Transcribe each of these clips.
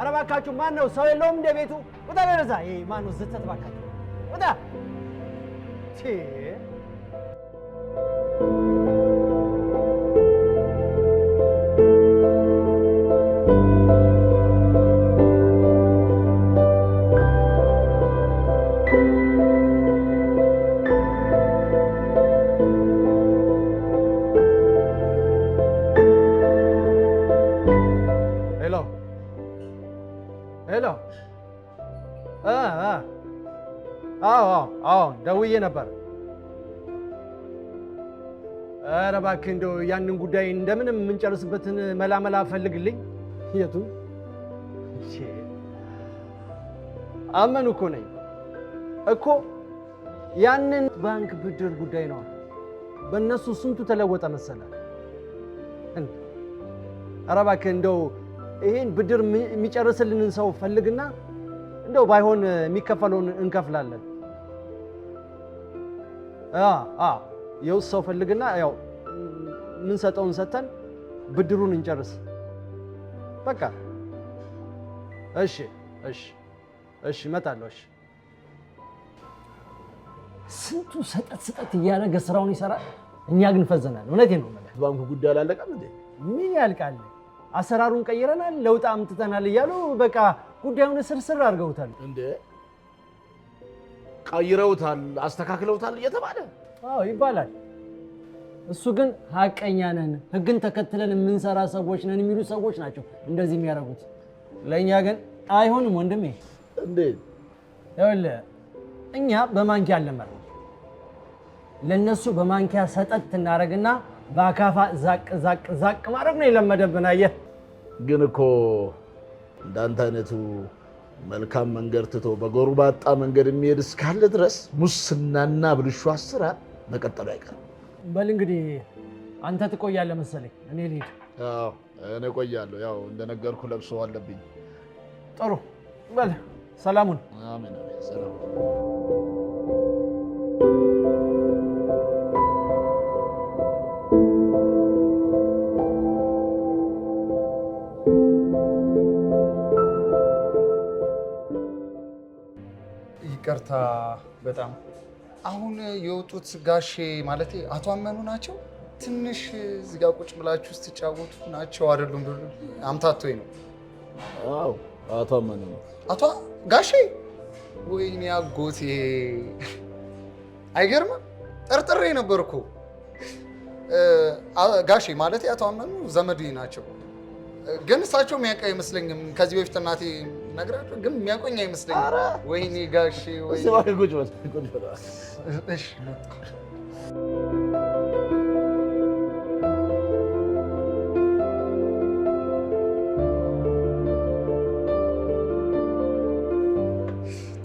ኧረ እባካችሁ ማን ነው? ሰው የለውም እንደ ቤቱ? ውጣ ለነዛ ይሄ ማን ነው? ዝተት እባካችሁ ውጣ። ሄሎ። አዎ አዎ፣ ደውዬ ነበር። ኧረ እባክህ እንደው ያንን ጉዳይ እንደምንም የምንጨርስበትን መላመላ ፈልግልኝ። የቱ አመኑ እኮ ነኝ እኮ ያንን ባንክ ብድር ጉዳይ ነው። በእነሱ ስንቱ ተለወጠ መሰለ። ኧረ እባክህ እንደው ይህን ብድር የሚጨርስልንን ሰው ፈልግና እንደው ባይሆን የሚከፈለውን እንከፍላለን። የውስጥ ሰው ፈልግና ያው ምንሰጠውን ሰጥተን ብድሩን እንጨርስ። በቃ እሺ፣ እሺ፣ እሺ፣ እመጣለሁ። እሺ። ስንቱ ሰጠት ሰጠት እያደረገ ስራውን ይሰራል። እኛ ግን ፈዘናል። እውነቴን ነው። ባንኩ ጉዳይ አላለቀም እንዴ? ምን ያልቃል? አሰራሩን ቀይረናል፣ ለውጥ አምጥተናል እያሉ በቃ ጉዳዩን ስርስር አድርገውታል። እንደ ቀይረውታል፣ አስተካክለውታል እየተባለ አዎ ይባላል። እሱ ግን ሀቀኛ ነን፣ ህግን ተከትለን የምንሰራ ሰዎች ነን የሚሉ ሰዎች ናቸው እንደዚህ የሚያደርጉት። ለእኛ ግን አይሆንም ወንድሜ። እንዴት? ይኸውልህ እኛ በማንኪያ አለመር፣ ለእነሱ በማንኪያ ሰጠት እናደርግና በአካፋ ዛቅ ዛቅ ዛቅ ማድረግ ነው የለመደብን። አየህ ግን እኮ እንዳንተ አይነቱ መልካም መንገድ ትቶ በጎርባጣ መንገድ የሚሄድ እስካለ ድረስ ሙስናና ብልሹ አሰራር መቀጠሉ አይቀርም። በል እንግዲህ አንተ ትቆያለህ መሰለኝ፣ እኔ ልሂድ። እኔ ቆያለሁ፣ ያው እንደነገርኩ ለብሶ አለብኝ። ጥሩ በል፣ ሰላሙን ይቅርታ በጣም አሁን የወጡት ጋሼ ማለት አቶ አመኑ ናቸው። ትንሽ እዚጋ ቁጭ ብላችሁ ስትጫወቱ ናቸው አይደሉም? ብሉ አምታቶ ነው። አዎ አቶ አመኑ ነው። አቶ ጋሼ ወይኔ አጎቴ አይገርምም? ጠርጥሬ ነበር እኮ ጋሼ ማለት አቶ አመኑ ዘመድ ናቸው፣ ግን እሳቸው የሚያውቅ አይመስለኝም። ከዚህ በፊት እናቴ ነግራችሁ ግን የሚያቆኝ አይመስለኝም። ወይኔ ጋሼ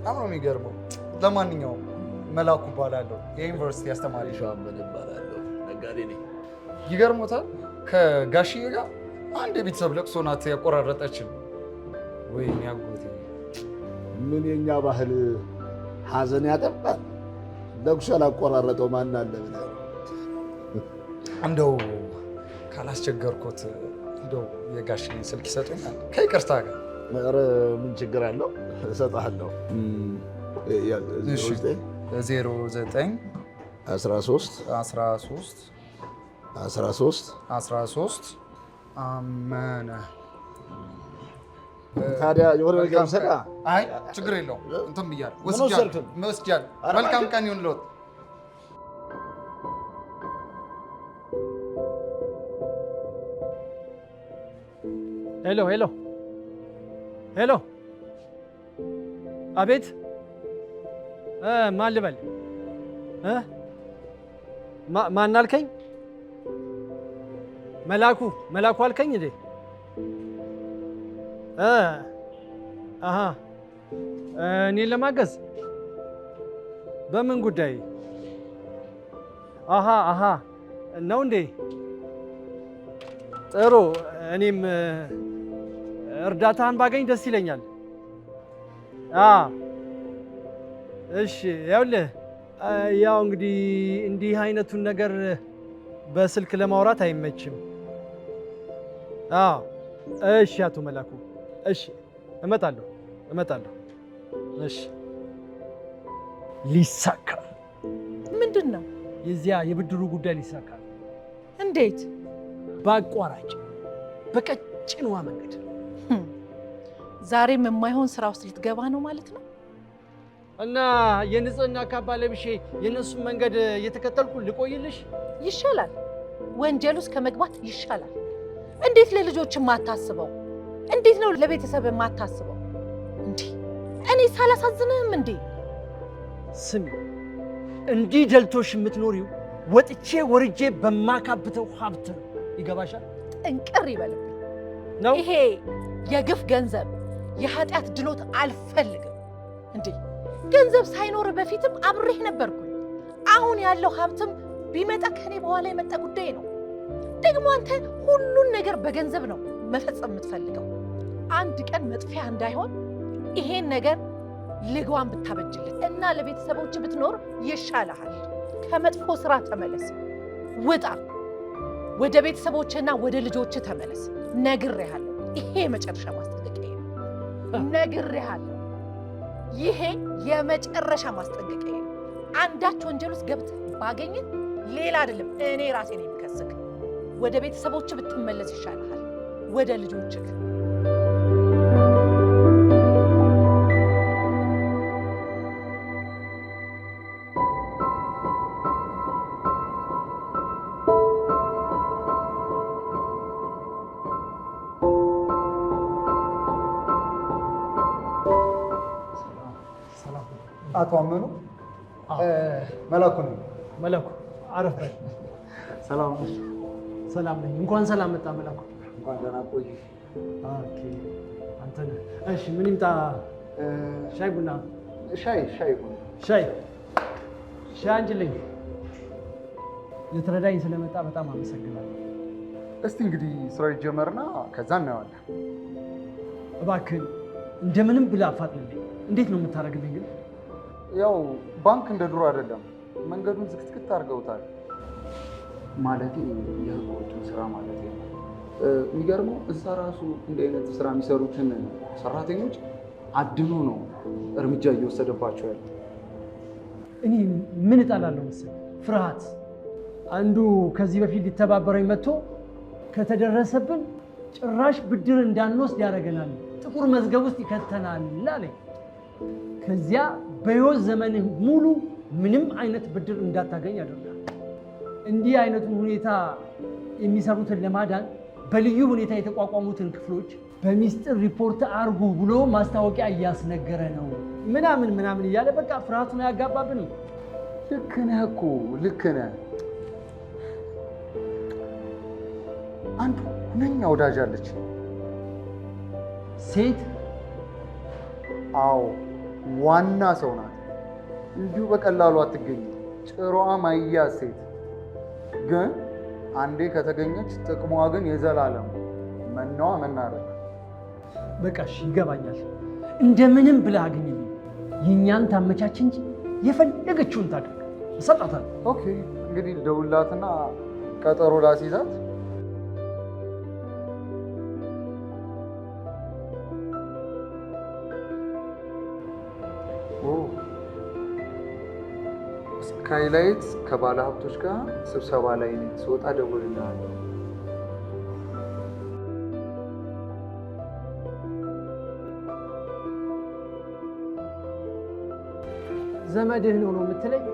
በጣም ነው የሚገርመው። ለማንኛውም መላኩ እባላለሁ የዩኒቨርሲቲ አስተማሪ ነጋዴ ይገርሞታል ከጋሽዬ ጋር አንድ የቤተሰብ ለቅሶ ናት ያቆራረጠችን ወይም ያጎቴ ምን የኛ ባህል ሀዘን ያጠባል። ለቅሶ ያላቆራረጠው ማን አለ ብለህ እንደው ካላስቸገርኩት እንደው የጋሽን ስልክ ይሰጡኛል? ከይቅርታ ጋር ኧረ ምን ችግር አለው? እሰጥሃለሁ። ዜሮ ዘጠኝ አመነ ታዲያ የሆነ ነገር ሰራ። አይ ችግር የለው እንትን ብያለሁ። ወስጃለሁ። መልካም ቀን ይሁን ሄሎ ሄሎ ሄሎ፣ አቤት ማን ልበል? ማን አልከኝ? መላኩ መላኩ አልከኝ እንዴ? አሀ እኔን ለማገዝ በምን ጉዳይ? አሀ አሀ ነው እንዴ? ጥሩ። እኔም እርዳታህን ባገኝ ደስ ይለኛል። እሺ፣ ይኸውልህ ያው እንግዲህ እንዲህ አይነቱን ነገር በስልክ ለማውራት አይመችም። እሺ አቶ መላኩ እሺ፣ እመጣለሁ እመጣለሁ። እሺ። ሊሳካ ምንድን ነው? የዚያ የብድሩ ጉዳይ ሊሳካ። እንዴት? በአቋራጭ በቀጭኗ መንገድ። hm። ዛሬም የማይሆን ስራ ውስጥ ልትገባ ነው ማለት ነው። እና የንጽህና ካባ ለብሼ የእነሱን መንገድ እየተከተልኩ ልቆይልሽ ይሻላል። ወንጀል ውስጥ ከመግባት ይሻላል። እንዴት ለልጆች ማታስበው? እንዴት ነው ለቤተሰብ የማታስበው? እንዴ እኔ ሳላሳዝንህም እንዴ? ስሚ እንዲህ ደልቶሽ የምትኖሪው ወጥቼ ወርጄ በማካብተው ሀብት ነው። ይገባሻል? ጥንቅር ይበልብኝ ነው ይሄ የግፍ ገንዘብ የኃጢአት ድሎት አልፈልግም። እንዴ ገንዘብ ሳይኖር በፊትም አብሬህ ነበርኩ። አሁን ያለው ሀብትም ቢመጣ ከኔ በኋላ የመጣ ጉዳይ ነው። ደግሞ አንተ ሁሉን ነገር በገንዘብ ነው መፈጸም የምትፈልገው አንድ ቀን መጥፊያ እንዳይሆን ይሄን ነገር ልጓም ብታበጅለት እና ለቤተሰቦች ብትኖር ይሻልሃል። ከመጥፎ ስራ ተመለስ፣ ውጣ፣ ወደ ቤተሰቦችና ወደ ልጆች ተመለስ። ነግሬሃለሁ። ይሄ የመጨረሻ ማስጠንቀቂያ ነው። ነግሬሃለሁ። ይሄ የመጨረሻ ማስጠንቀቂያ አንዳች ወንጀል ውስጥ ገብተህ ሌላ አይደለም እኔ ራሴ ነው የሚከስክ። ወደ ቤተሰቦች ብትመለስ ይሻልሃል። ወደ ልጆችህ አቶ አመኑ መላኩ ነው። መላኩ አረፍ ሰላም ነኝ። እንኳን ሰላም መጣ መላኩ። እንኳን ደህና ቆይ። አንተ እሺ፣ ምን ይምጣ? ሻይ ቡና? ሻይ ሻይ ቡና ሻይ ሻይ። አንቺልኝ ልትረዳኝ ስለመጣ በጣም አመሰግናለሁ። እስቲ እንግዲህ ስራው ይጀመርና ከዛ እናየዋለን። እባክህን እንደምንም ብለህ አፋጥንልኝ። እንዴት ነው የምታደርግልኝ ግን? ያው ባንክ እንደ ድሮ አይደለም፣ መንገዱን ዝቅጥቅጥ አድርገውታል። ማለቴ የህገወጡን ስራ ማለት ነው የሚገርመው እዛ ራሱ እንዲህ አይነት ስራ የሚሰሩትን ሰራተኞች አድኖ ነው እርምጃ እየወሰደባቸው ያለ። እኔ ምን እጣላለሁ መሰለኝ ፍርሃት። አንዱ ከዚህ በፊት ሊተባበረኝ መጥቶ ከተደረሰብን ጭራሽ ብድር እንዳንወስድ ያደርገናል፣ ጥቁር መዝገብ ውስጥ ይከተናል አለኝ። ከዚያ በሕይወት ዘመንህ ሙሉ ምንም አይነት ብድር እንዳታገኝ ያደርጋል። እንዲህ አይነቱን ሁኔታ የሚሰሩትን ለማዳን በልዩ ሁኔታ የተቋቋሙትን ክፍሎች በሚስጥር ሪፖርት አርጉ ብሎ ማስታወቂያ እያስነገረ ነው ምናምን ምናምን እያለ በቃ ፍርሃቱን አያጋባብን። ልክ ነህ እኮ ልክ ነህ። አንድ ሁነኛ ወዳጅ አለች ሴት። አዎ ዋና ሰው ናት። እንዲሁ በቀላሉ አትገኝ። ጭሯ ማያ ሴት ግን አንዴ ከተገኘች ጥቅሟ ግን የዘላለም መናዋ መናረግ። በቃሽ ይገባኛል። እንደምንም ብለህ አግኝልኝ። የእኛን ታመቻች እንጂ የፈለገችውን ታድርግ፣ እሰጣታለሁ። ኦኬ እንግዲህ ደውላትና ቀጠሮ ላስይዛት ሃይላይት ከባለ ሀብቶች ጋር ስብሰባ ላይ ነኝ፣ ስወጣ እደውልልሃለሁ። ዘመድህ ነው ነው የምትለኝ?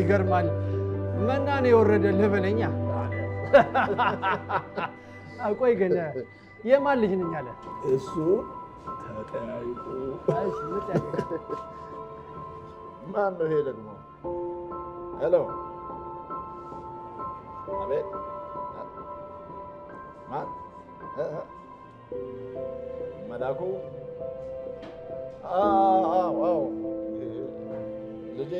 ይገርማል። ነው የወረደ ልበለኛ። ቆይ ግን የማን ልጅ ነኝ አለ እሱ? መጠያይቁ ማን ነው ይሄ ደግሞ? ሄሎ፣ አቤት። ማን መላኩ? አዎ ልጄ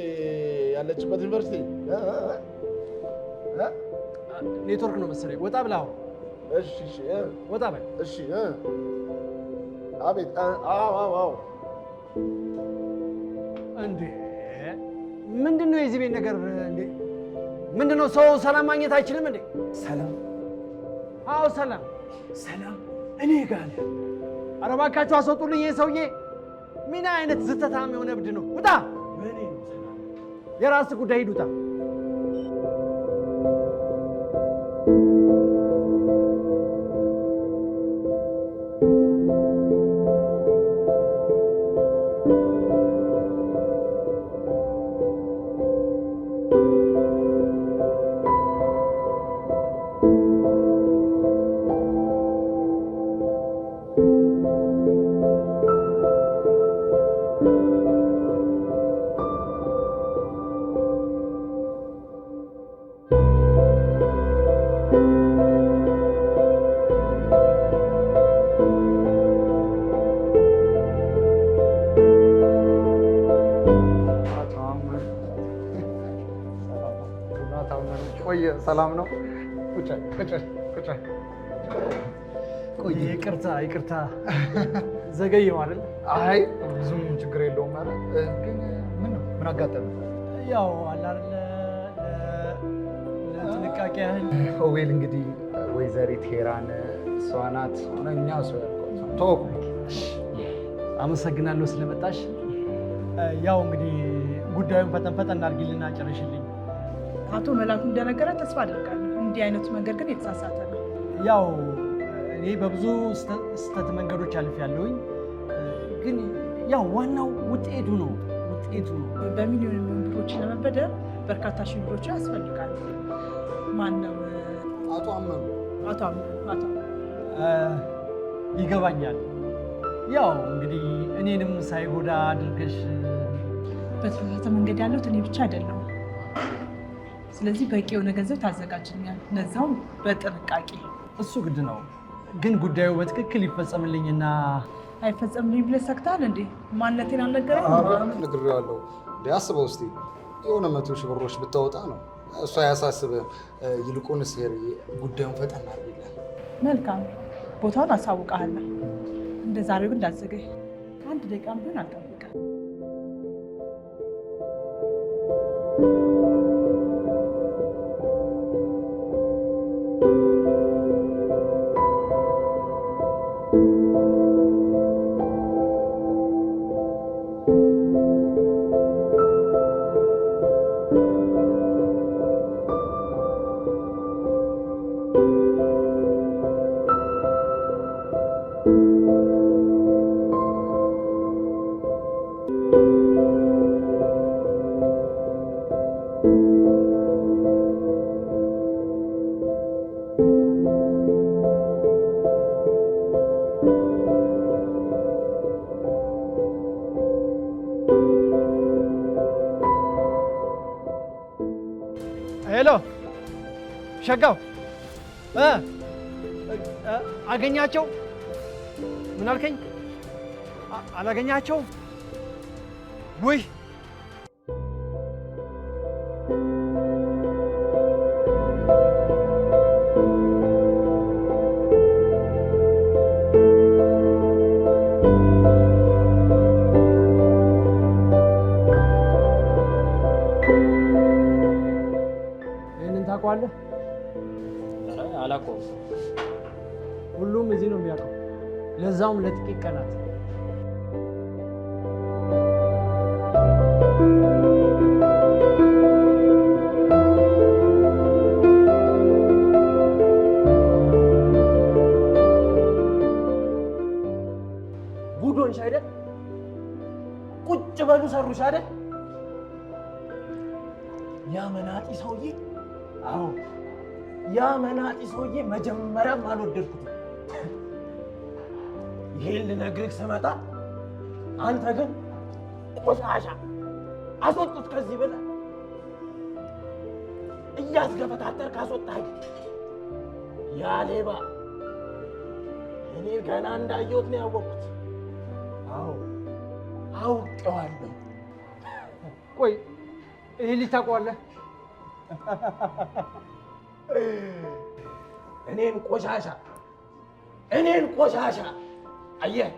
ያለችበት ዩኒቨርሲቲ ኔትወርክ ነው መሰለኝ። ወጣ ብላ ወጣ በል። እሺ አቤት። አዎ አዎ። እንዴ ምንድን ነው የዚህ ቤት ነገር? እንዴ ምንድን ነው ሰው ሰላም ማግኘት አይችልም እንዴ? ሰላም? አዎ ሰላም፣ ሰላም እኔ ጋር ኧረ እባካችሁ አስወጡልኝ! ይህ ሰውዬ ምን አይነት ዝተታም የሆነ እብድ ነው! ውጣ! የራስ ጉዳይ ሂድ፣ ውጣ! ሰላም ነው። ይቅርታ ይቅርታ፣ ዘገየሁ ማለት አይ ብዙም ችግር የለውም። ማለ ግን ምን ምን አጋጠመ? ያው አለ ለጥንቃቄ ያህል ወይል እንግዲህ ወይዘሪት ሄራን እሷ ናት። እኛ ተወኩ። አመሰግናለሁ ስለመጣሽ። ያው እንግዲህ ጉዳዩን ፈጠን ፈጠን አድርጊልና ጨረሽልኝ። አቶ መላኩ እንደነገረ ተስፋ አድርጋለሁ። እንዲህ አይነቱ መንገድ ግን የተሳሳተ ነው። ያው እኔ በብዙ ስህተት መንገዶች ያለውኝ፣ ግን ያው ዋናው ውጤቱ ነው ውጤቱ ነው። በሚሊዮን የሚሆን ለመበደር በርካታ ሺህ ብሮች ያስፈልጋል። ማነው? አቶ አመኑ አቶ አመኑ ይገባኛል። ያው እንግዲህ እኔንም ሳይጎዳ አድርገሽ በተሳሳተ መንገድ ያለሁት እኔ ብቻ አይደለም ስለዚህ በቂ የሆነ ገንዘብ ታዘጋጅልኛል፣ ለዛውም በጥንቃቄ። እሱ ግድ ነው፣ ግን ጉዳዩ በትክክል ይፈጸምልኝና አይፈጸምልኝ ብለህ ሰግተሃል እንዴ? ማንነቴን አልነገረኝም። ነግሬዋለሁ። አስበው እስኪ የሆነ መቶ ሺህ ብሮች ብታወጣ ነው እሷ እሱ ይልቁን ይልቁንስ ጉዳዩን ፈጠና አድርግልህ። መልካም ቦታውን አሳውቀሃለሁ። እንደ ዛሬው ግን እንዳዘገይ አንድ ደቂቃም ቢሆን አልጠብቅም። thank you ሸጋው አገኛቸው? ምን አልከኝ? አላገኛቸው ውይ ይህንን ታውቀዋለህ? ሁሉም እዚህ ነው የሚያውቀው፣ ለዛውም ለጥቂት ቀናት። ጉዶንሽ አይደል? ቁጭ በሉ ሰሩሽ አይደል? ያ መናጢ ሰውዬ አዎ ያ መናጢ ሰውዬ መጀመሪያም አልወደድኩትም። ይሄን ልነግርህ ስመጣ አንተ ግን ቆሻሻ አስወጡት ከዚህ ብለህ እያስገፈታተር ካስወጣህ ያ ሌባ እኔ ገና እንዳየሁት ነው ያወቅሁት። አዎ አውቄዋለሁ። ቆይ ይህ ልጅ ታውቀዋለህ? እኔን ቆሻሻ እኔን ቆሻሻ አየህ፣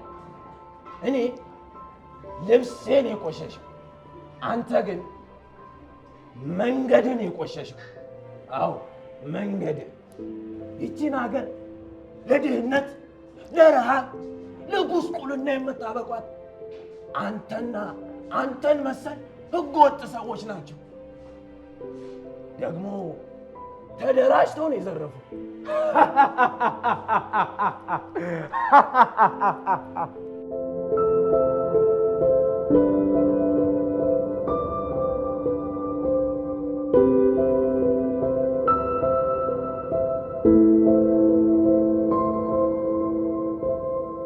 እኔ ልብሴን የቆሸሽው አንተ ግን መንገድን የቆሸሽው። አዎ መንገድ ይቺን ሀገር ለድህነት፣ ለረሃብ፣ ቁልና የምታበቋት አንተና አንተን መሰል ህገወጥ ሰዎች ናቸው ደግሞ ተደራጅተው ነው የዘረፉ።